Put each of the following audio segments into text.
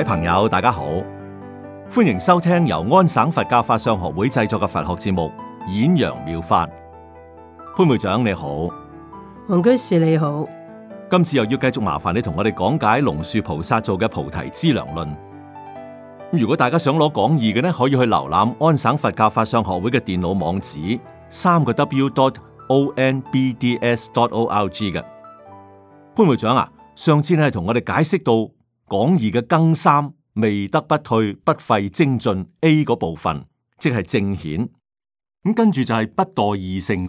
各位朋友，大家好，歡迎收聽由安省佛教法相學會製作嘅佛學節目《演揚妙，妙法》。潘會長你好，黃居士你好，今次又要繼續麻煩你同我哋講解龍樹菩薩做嘅《菩提資糧論》。如果大家想攞講義嘅呢，可以去瀏覽安省佛教法相學會嘅電腦網址，三個 w.dot.o.n.b.d.s.dot.o.r.g 嘅。潘會長啊，上次你係同我哋解釋到。講義嘅更三未得不退不廢精進 A 嗰部分，即係正顯。咁跟住就係不墮二性。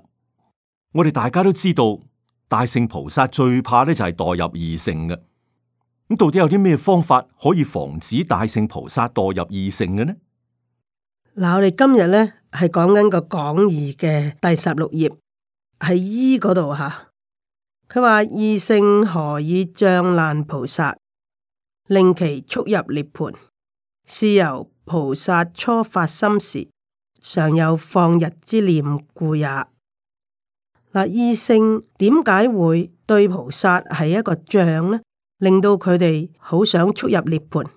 我哋大家都知道，大聖菩薩最怕咧就係墮入二性嘅。咁到底有啲咩方法可以防止大聖菩薩墮入二性嘅呢？嗱，我哋今日咧係講緊個講義嘅第十六頁，喺 E 嗰度吓。佢話二性何以障難菩薩？令其速入涅槃，是由菩薩初發心時，常有放逸之念故也。嗱，二乘點解會對菩薩係一個障呢？令到佢哋好想速入涅槃，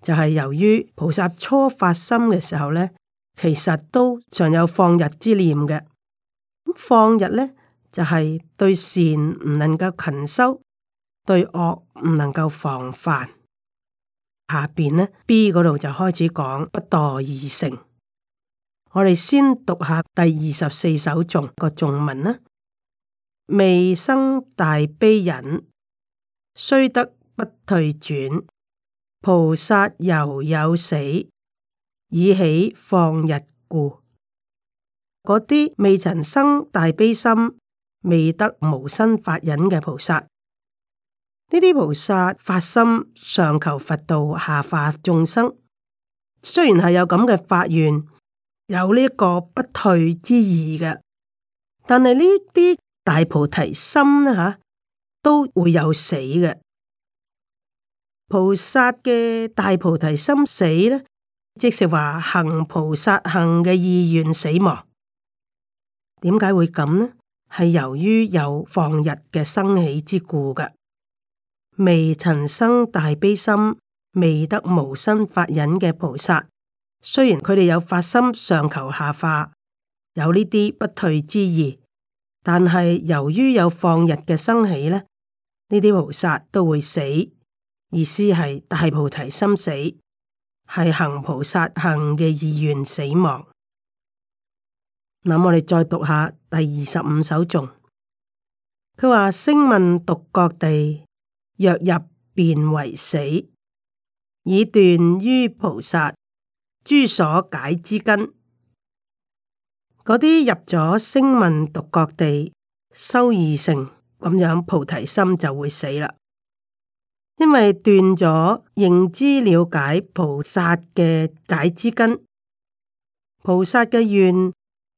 就係、是、由於菩薩初發心嘅時候呢，其實都常有放逸之念嘅。咁放逸呢，就係、是、對善唔能夠勤修，對惡，唔能夠防範，下邊呢 B 嗰度就開始講不墮二乘」。我哋先讀下第二十四首頌個頌文啦。未生大悲忍，雖得不退轉，菩薩猶有死，以起放日故。嗰啲未曾生大悲心、未得無生法忍嘅菩薩。呢啲菩薩發心上求佛道下化眾生，雖然係有咁嘅發願，有呢一個不退之意嘅，但係呢啲大菩提心吓，都會有死嘅。菩薩嘅大菩提心死咧，即是話行菩薩行嘅意願死亡。點解會咁呢？係由於有放逸嘅生起之故噶。未曾生大悲心，未得無生法忍嘅菩薩，雖然佢哋有發心上求下化，有呢啲不退之意，但係由於有放日嘅生起咧，呢啲菩薩都會死，意思係大菩提心死，係行菩薩行嘅意願死亡。咁我哋再讀下第二十五首頌，佢話聲聞獨覺地，若入便為死，以斷於菩薩諸所解之根。嗰啲入咗聲聞獨覺地，修二乘，咁樣，菩提心就會死啦，因為斷咗認知了解菩薩嘅解之根。菩薩嘅願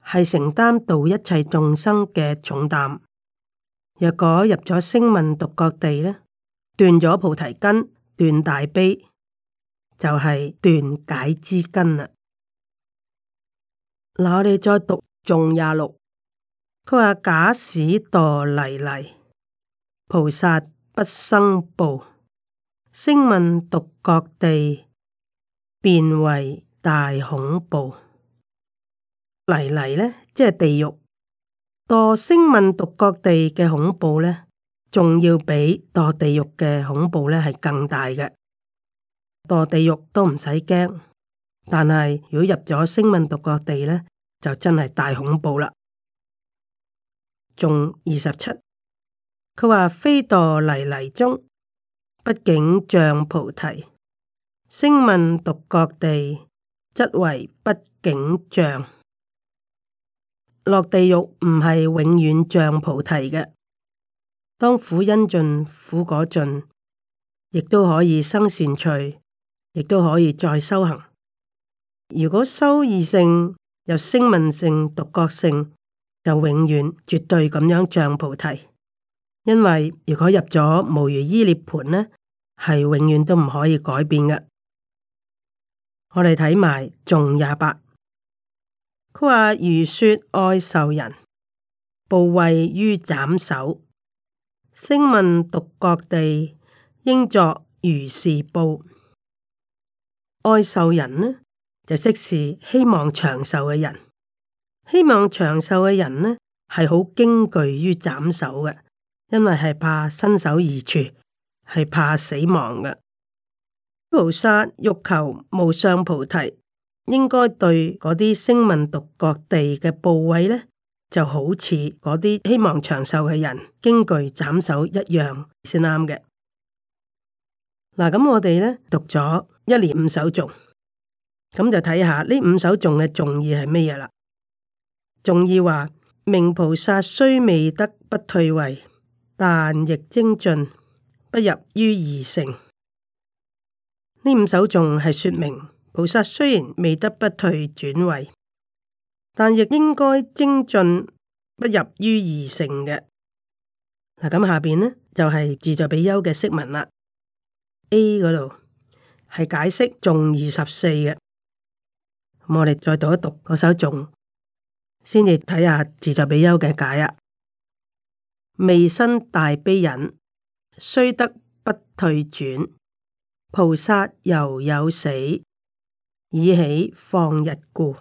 係承擔度一切眾生嘅重擔，若果入咗聲聞獨覺地呢？斷咗菩提根，斷大悲，就係、是、斷解之根啦。嗱，我哋再讀頌廿六，佢話假使墮泥犁，菩薩不生怖，聲聞獨覺地，變為大恐怖。泥犁呢，即係地獄，墮聲聞獨覺地嘅恐怖呢。仲要比墮地獄嘅恐怖呢係更大嘅。墮地獄都唔使驚，但係如果入咗聲聞獨覺地呢，就真係大恐怖啦。仲二十七，佢話非墮泥犁中，畢竟障菩提。聲聞獨覺地，則為畢竟障。落地獄唔係永遠障菩提嘅。當苦因盡，苦果盡，亦都可以生善趣，亦都可以再修行。如果修二性，有聲聞性、獨覺性，就永遠絕對咁樣像菩提。因為如果入咗無餘依涅盤呢，係永遠都唔可以改變嘅。我哋睇埋仲廿八，佢話如說愛受人，怖畏於斬首。聲問獨覺地，應作如是報。愛壽人呢，就即是希望長壽嘅人，希望長壽嘅人呢，係好驚懼於斬首嘅，因為係怕身首異處，係怕死亡嘅。菩薩欲求無上菩提，應該對嗰啲聲問獨覺地嘅部位呢？就好似嗰啲希望長壽嘅人驚懼斬首一樣先啱嘅。嗱，咁我哋咧讀咗一年五首頌，咁就睇下呢五首頌嘅眾意係乜嘢啦。眾意話：「明菩薩雖未得不退位，但亦精進不入於二乘。」呢五首頌係說明菩薩雖然未得不退轉位。但亦應該精進，不入於二乘嘅。嗱，咁下邊呢就係、是、自在比丘嘅釋文啦。A 嗰度係解釋頌二十四嘅。咁我哋再讀一讀嗰首頌，先至睇下自在比丘嘅解啊。未生大悲忍，雖得不退轉，菩薩猶有死，以其放逸故。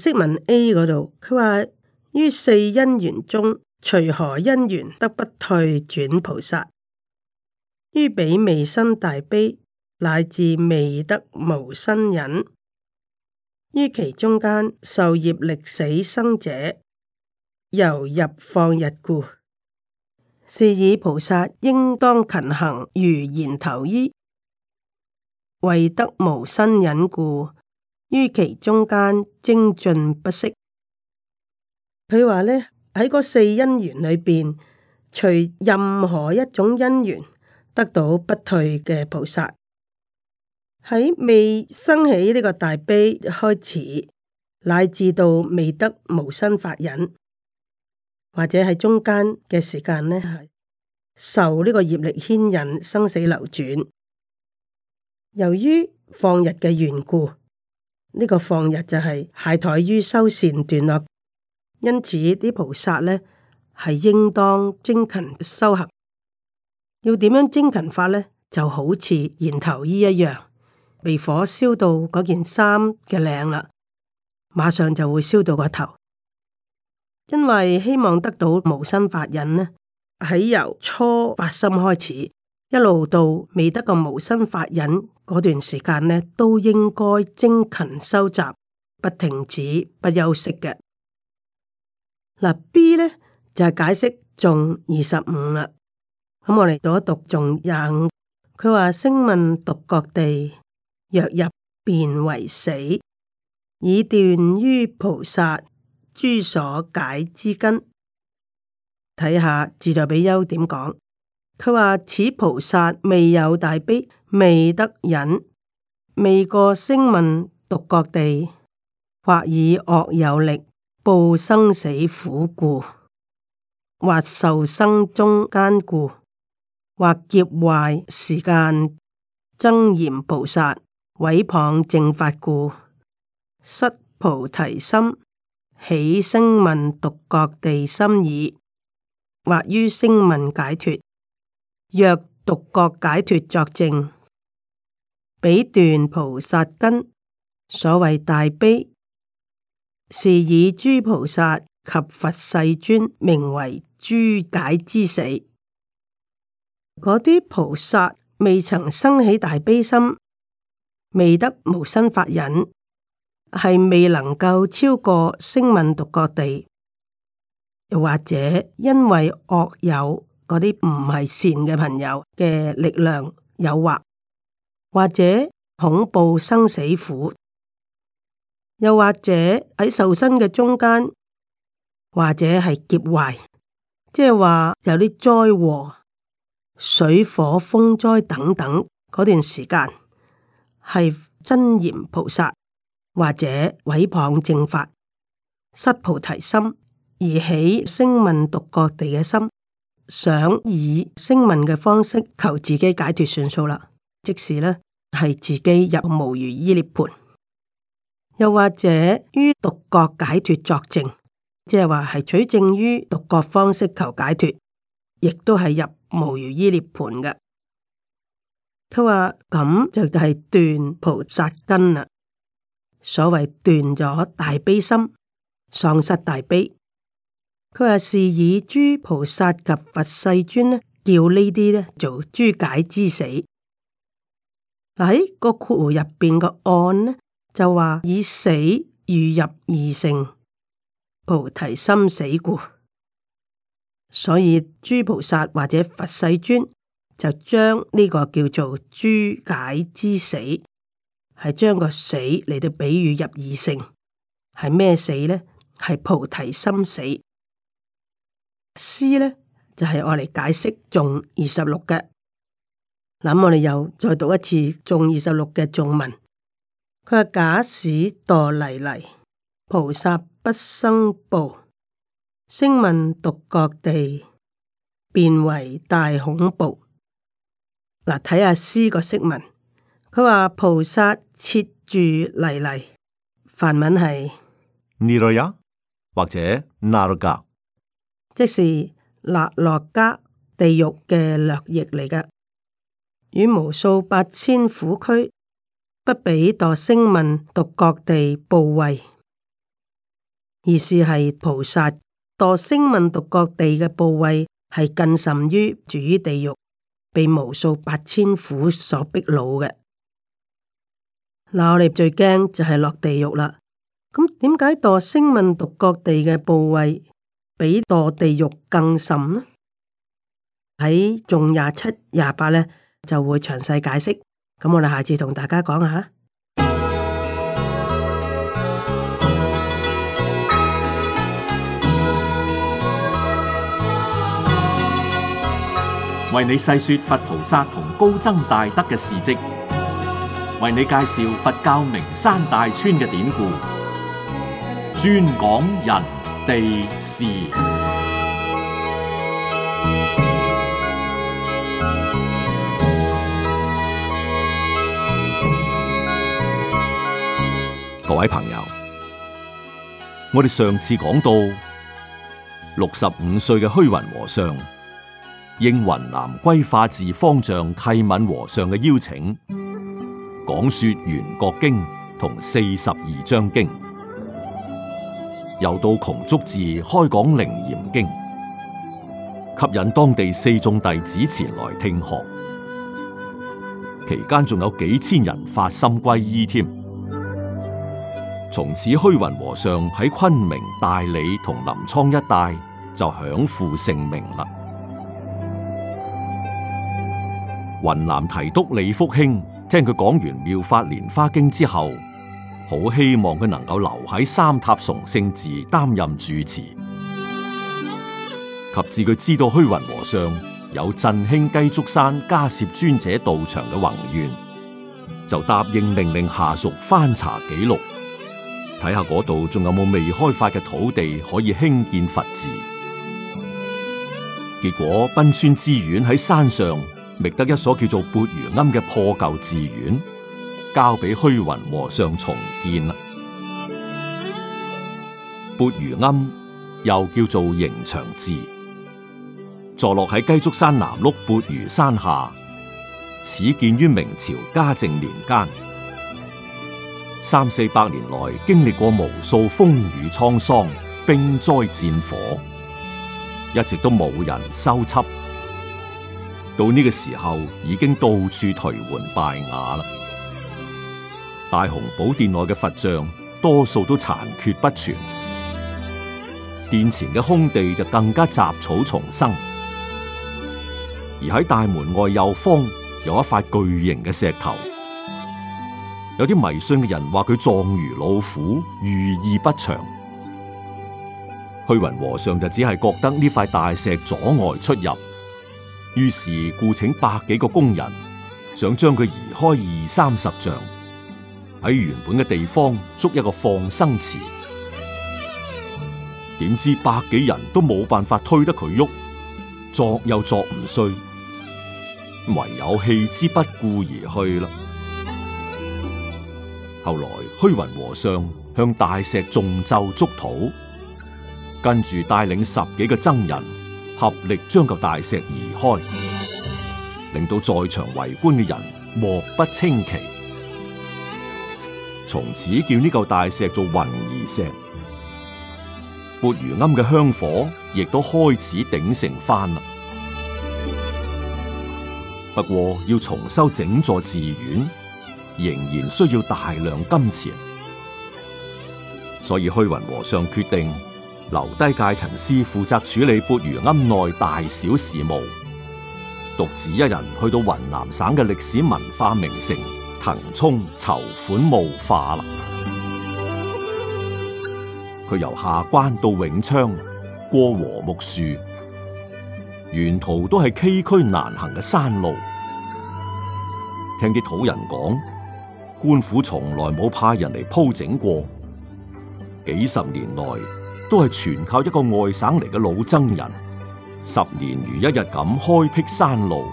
釋文 A 嗰度，佢話於四因緣中，隨何因緣得不退轉菩薩，於彼未生大悲乃至未得無生忍，於其中間受業力死生者，由入放逸故，是以菩薩應當勤行如言頭依，為得無生忍故。於其中間精進不息。佢話呢，喺嗰四因緣裏邊，隨任何一種因緣得到不退嘅菩薩，喺未生起呢個大悲開始，乃至到未得無生法忍，或者喺中間嘅時間呢係受呢個業力牽引生死流轉，由於放日嘅緣故。呢個放日就係懈怠於修善斷惡，因此啲菩薩呢係應當精勤修行。要點樣精勤法呢？就好似燃頭衣一樣，被火燒到嗰件衫嘅領啦，馬上就會燒到個頭，因為希望得到無生法忍呢，係由初發心開始。一路到未得個無生法忍嗰段時間呢，都應該精勤修習，不停止，不休息嘅。嗱、啊、B 呢就係解釋頌二十五啦。咁、嗯、我哋讀一讀頌廿五，佢話，聲聞獨覺地，若入便為死，以斷於菩薩諸所解之根。睇下自在比丘點講。佢話：此菩薩未有大悲，未得忍，未過聲聞獨覺地，或以惡有力，報生死苦故，或受生中堅固，或劫壞時間增延，菩薩毀謗正法故，失菩提心，起聲聞獨覺地心耳，或於聲聞解脱。若獨覺解脱作證，彼斷菩薩根。所謂大悲，是以諸菩薩及佛世尊名為諸解之死。嗰啲菩薩未曾生起大悲心，未得無生法忍，係未能夠超過聲聞獨覺地。又或者因為惡友。嗰啲唔係善嘅朋友嘅力量誘惑，或者恐怖生死苦，又或者喺受身嘅中間，或者係劫壞，即係話有啲災禍、水火風災等等嗰段時間，係真言菩薩或者毀謗正法失菩提心而起聲聞獨覺地嘅心。想以聲聞嘅方式求自己解脫算數啦，即使呢係自己入無餘依涅盤，又或者於獨覺解脫作證，即係話係取證於獨覺方式求解脫，亦都係入無餘依涅盤嘅。佢話咁就係斷菩薩根啦，所謂斷咗大悲心，喪失大悲。佢話是以諸菩薩及佛世尊呢，叫呢啲呢做諸解之死。嗱喺、那個括弧入邊個案呢，就話以死喻入異性菩提心死故，所以諸菩薩或者佛世尊就將呢個叫做諸解之死，係將個死嚟到比喻入異性，係咩死呢？係菩提心死。詩呢，就係、是嗯、我嚟解釋頌二十六嘅，咁我哋又再讀一次頌二十六嘅頌文。佢話：假使墮泥犁，菩薩不生怖，聲聞獨覺地，變為大恐怖。嗱、嗯，睇下詩詩個釋文，佢話菩薩切住泥犁，梵文係尼羅耶或者那羅迦。即是勒洛迦地獄嘅略譯嚟嘅，與無數八千苦區不比墮聲聞獨覺地怖畏。而是係菩薩墮聲聞獨覺地嘅怖畏，係更甚於住於地獄被無數八千苦所逼惱嘅。嗱，我哋最驚就係落地獄啦，咁點解墮聲聞獨覺地嘅怖畏？比墮地獄更甚咯！喺仲廿七廿八咧，就會詳細解釋。咁我哋下次同大家講下，為你細說佛菩薩同高僧大德嘅事迹，為你介紹佛教名山大川嘅典故，專講人。地是各位朋友，我哋上次講到六十五歲嘅虛雲和尚，應雲南歸化寺方丈契敏和尚嘅邀請，講說圓覺經同四十二章經。又到筇竹寺開講《楞嚴經》，吸引當地四眾弟子前來聽學，期間仲有幾千人發心皈依添。從此虛雲和尚喺昆明、大理同臨滄一帶就享負盛名啦。雲南提督李福興聽佢講完妙法蓮花經之後，好希望佢能夠留喺三塔崇聖寺擔任住持，及至佢知道虛雲和尚有振興雞足山迦葉尊者道場嘅宏願，就答應命令下屬翻查記錄，睇下嗰度仲有冇未開發嘅土地可以興建佛寺。結果，賓川寺院喺山上覓得一所叫做缽盂庵嘅破舊寺院。交俾虛雲和尚重建啦。缽盂庵又叫做迎祥寺，坐落喺雞足山南麓缽盂山下。始建於明朝嘉靖年間，三四百年來經歷過無數風雨滄桑，兵災戰火，一直都冇人修葺。到呢個時候，已經到處頹垣敗瓦啦。大雄寶殿內嘅佛像多數都殘缺不全，殿前嘅空地就更加雜草叢生。而喺大門外右方有一塊巨型嘅石頭，有啲迷信嘅人話佢狀如老虎，寓意不祥。虛雲和尚就只係覺得呢塊大石阻礙出入，於是雇請百幾個工人，想將佢移開二三十丈。喺原本嘅地方捉一個放生池，點知百幾人都冇辦法推得佢喐，作又作唔衰，唯有棄之不顧而去啦。後來虛雲和尚向大石誦咒祝禱，跟住帶領十幾個僧人合力將個大石移開，令到在場圍觀嘅人莫不稱奇。從此叫呢嚿大石做雲移石，缽盂庵嘅香火亦都開始鼎盛返啦。不過要重修整座寺院，仍然需要大量金錢，所以虛雲和尚決定留低戒塵師負責處理缽盂庵內大小事務，獨自一人去到雲南省嘅歷史文化名城。騰沖籌款無化啦，佢由下關到永昌過禾木樹，沿途都係崎嶇難行嘅山路。聽啲土人講，官府從來冇派人嚟鋪整過，幾十年內都係全靠一個外省嚟嘅老僧人，十年如一日咁開闢山路。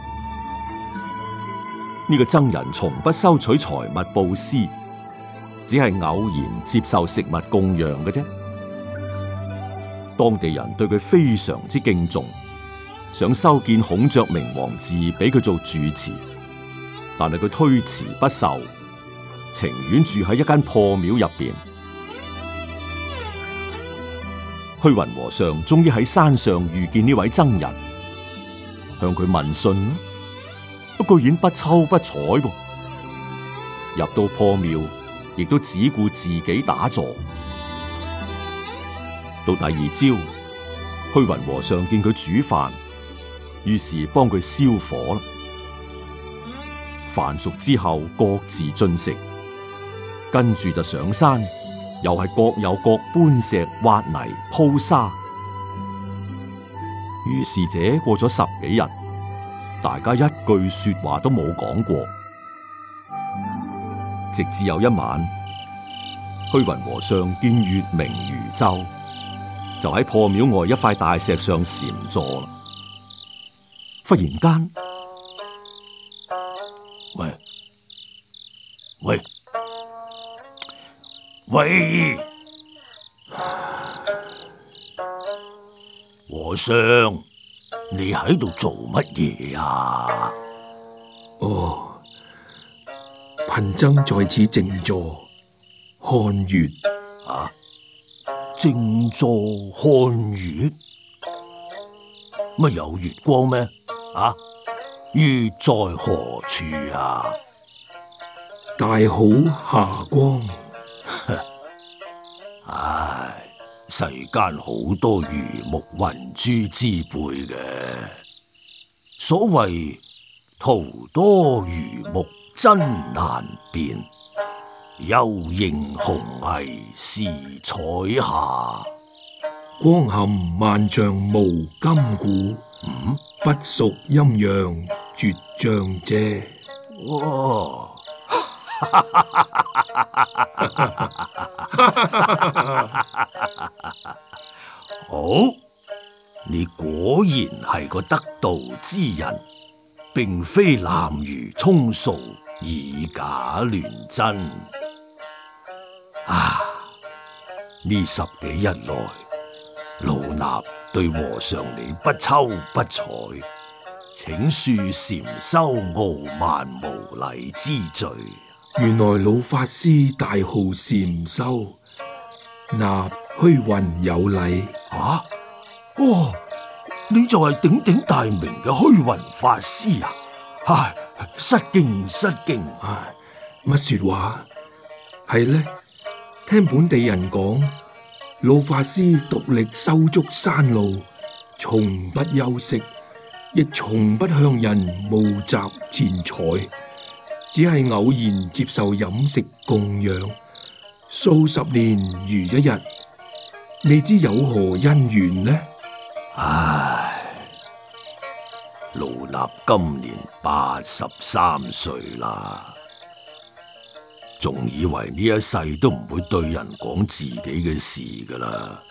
呢個僧人從不收取財物布施，只係偶然接受食物供養嘅啫。當地人對佢非常之敬重，想修建孔雀明王寺俾佢做住持，但係佢推辭不受，情願住喺一間破廟入邊。虛雲和尚終於喺山上遇見呢位僧人，向佢問訊。不居然不瞅不睬喎，入到破廟亦都只顧自己打坐。到第二朝，虛雲和尚見佢煮飯，於是幫佢燒火啦。飯熟之後，各自進食，跟住就上山，又係各有各搬石、挖泥、鋪沙。如是者過咗十幾日。大家一句說話都冇講過，直至有一晚，虛雲和尚見月明如晝，就喺破廟外一塊大石上禪坐。忽然間，喂，喂，喂，和尚！你喺度做乜嘢啊？哦，貧僧在此靜坐看月啊！靜坐看月，乜有月光咩？啊，月在何處啊？大好霞光， 唉。世間好多魚目混珠之輩嘅，所謂桃多魚目真難辨，又認紅衣是時彩霞，光含萬象無今古，嗯、不屬陰陽絕象遮。哇哈！哦， 你果然係個得道之人，並非濫竽充數、以假亂真啊！呢十幾日來，老衲對和尚你不瞅不睬，請恕禪修傲慢無，無禮之罪。原來老法師大號禪修，納虛雲有禮啊！哦，你就係鼎鼎大名嘅虛雲法師啊！啊失敬失敬啊！乜說話？係呢？聽本地人講，老法師獨力修築山路，從不休息，亦從不向人募集錢財。只係偶然接受飲食供養，數十年如一日，未知有何因緣呢？唉，老衲今年八十三歲啦，仲以為呢一世都唔會對人講自己嘅事噶啦。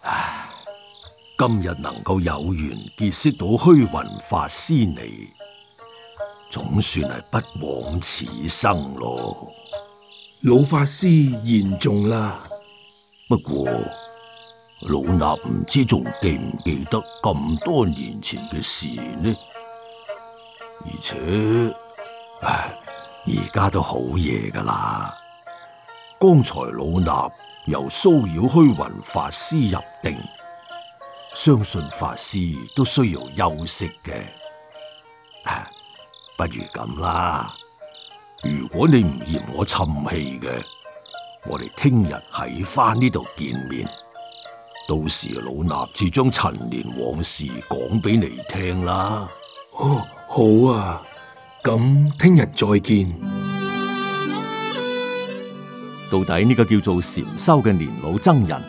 唉，今日能夠有緣結識到虛雲法師你，總算係不枉此生咯。老法師言重啦。不過老衲唔知仲記唔記得咁多年前嘅事呢？而且唉，而家都好夜噶啦，剛才老衲由騷擾虛雲法師入定，相信法師都需要休息嘅。不如咁啦，如果你唔嫌我沉氣嘅，我哋聽日喺返呢度見面，到時老衲就將陳年往事講俾你聽啦。哦，好啊，咁聽日再見。到底呢個叫做禪修嘅年老僧人，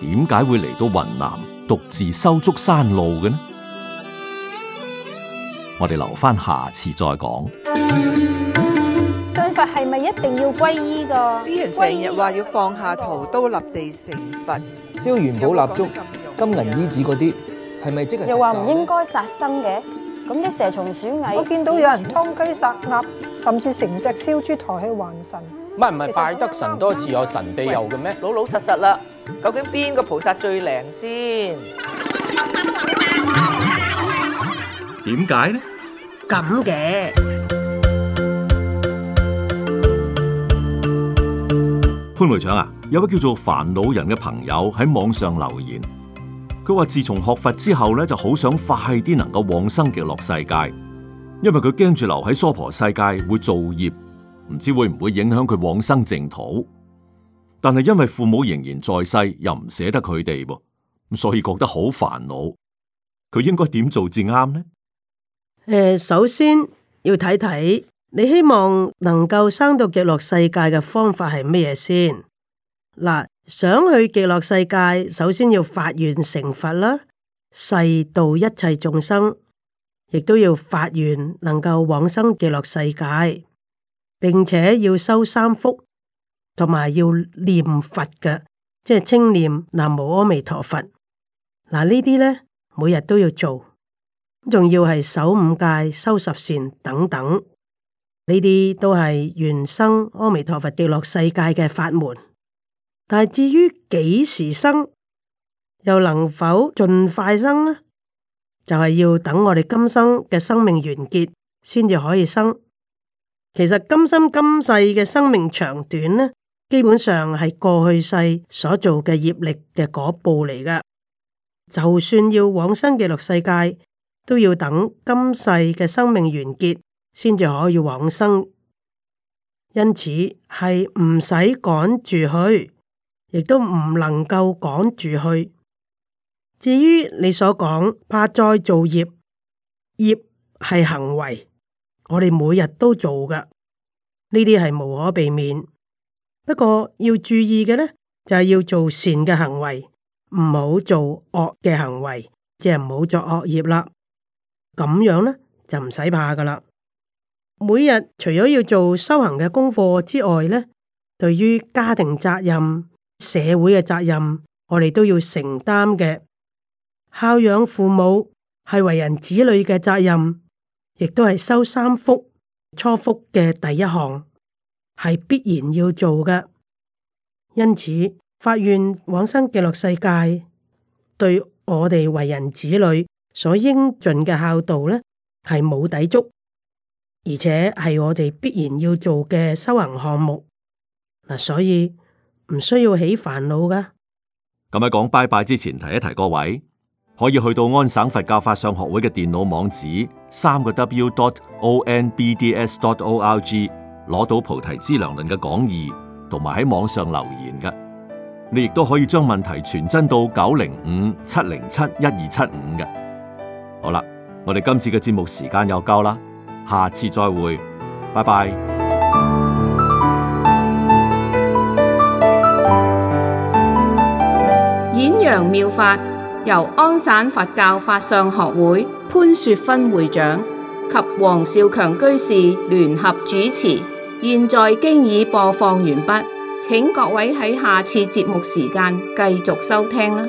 點解會嚟到雲南獨自修築山路嘅呢？我哋留翻下次再講。信佛係咪一定要皈依噶？啲人成日話要放下屠刀立地成佛，燒元寶蠟燭、金銀衣紙嗰啲，係咪即係？又話唔應該殺生嘅，咁啲蛇蟲鼠蟻，我見到有人殺雞殺鴨，甚至成隻燒豬抬去還神。唔係唔係，拜得神多自有神庇佑嘅咩？老老實實啦，究竟邊個菩薩最靈先？點解呢？咁嘅潘會長啊，有位叫做煩惱人嘅朋友喺網上留言，佢話自從學佛之後咧，就好想快啲能夠往生極樂世界，因為佢驚住留喺娑婆世界會造業，唔知會唔會影響佢往生淨土。但係因為父母仍然在世，又唔捨得佢哋噃，咁所以覺得好煩惱。佢應該點做至啱呢？首先要睇睇你希望能夠生到極樂世界嘅方法係乜嘢先？嗱，想去極樂世界，首先要發願成佛啦，誓度一切眾生，亦都要發願能夠往生極樂世界，並且要修三福，同埋要念佛嘅，即係稱念南無阿彌陀佛。嗱，呢啲咧，每日都要做。仲要係守五戒、修十善等等，呢啲都係原生阿彌陀佛極樂世界嘅法門。但係至於幾時生，又能否盡快生呢？就係、是、要等我哋今生嘅生命完結先至可以生。其實今生今世嘅生命長短呢，基本上係過去世所做嘅業力嘅果報嚟噶。就算要往生極樂世界。都要等今世嘅生命完結，先至可以往生。因此係唔使趕住去，亦都唔能夠趕住去。至於你所講怕再造業，業係行為，我哋每日都做噶，呢啲係無可避免。不過要注意嘅呢，就係要做善嘅行為，唔好做惡嘅行為，即係唔好作惡業啦。咁樣咧就唔使怕噶啦。每日除咗要做修行嘅功課之外咧，對於家庭責任、社會嘅責任，我哋都要承擔嘅。孝養父母係為人子女嘅責任，亦都係修三福初福嘅第一項，係必然要做嘅。因此，發願往生極樂世界，對我哋為人子女，所應盡嘅孝道咧，係冇抵觸，而且係我哋必然要做嘅修行項目嗱，所以唔需要起煩惱噶。咁喺講拜拜之前提一提，各位可以去到安省佛教法相學會嘅電腦網址，三個 w dot o n b d s dot o r g，攞到菩提資糧論嘅講義，同埋喺網上留言噶，你亦都可以將問題傳真到九零五七零七一二七五嘅。好啦，我哋今次嘅節目時間又夠啦，下次再會，拜拜。演揚妙法由安省佛教法相學會潘雪芬會長及黃少強居士聯合主持，現在經已播放完畢，請各位喺下次節目時間繼續收聽啦。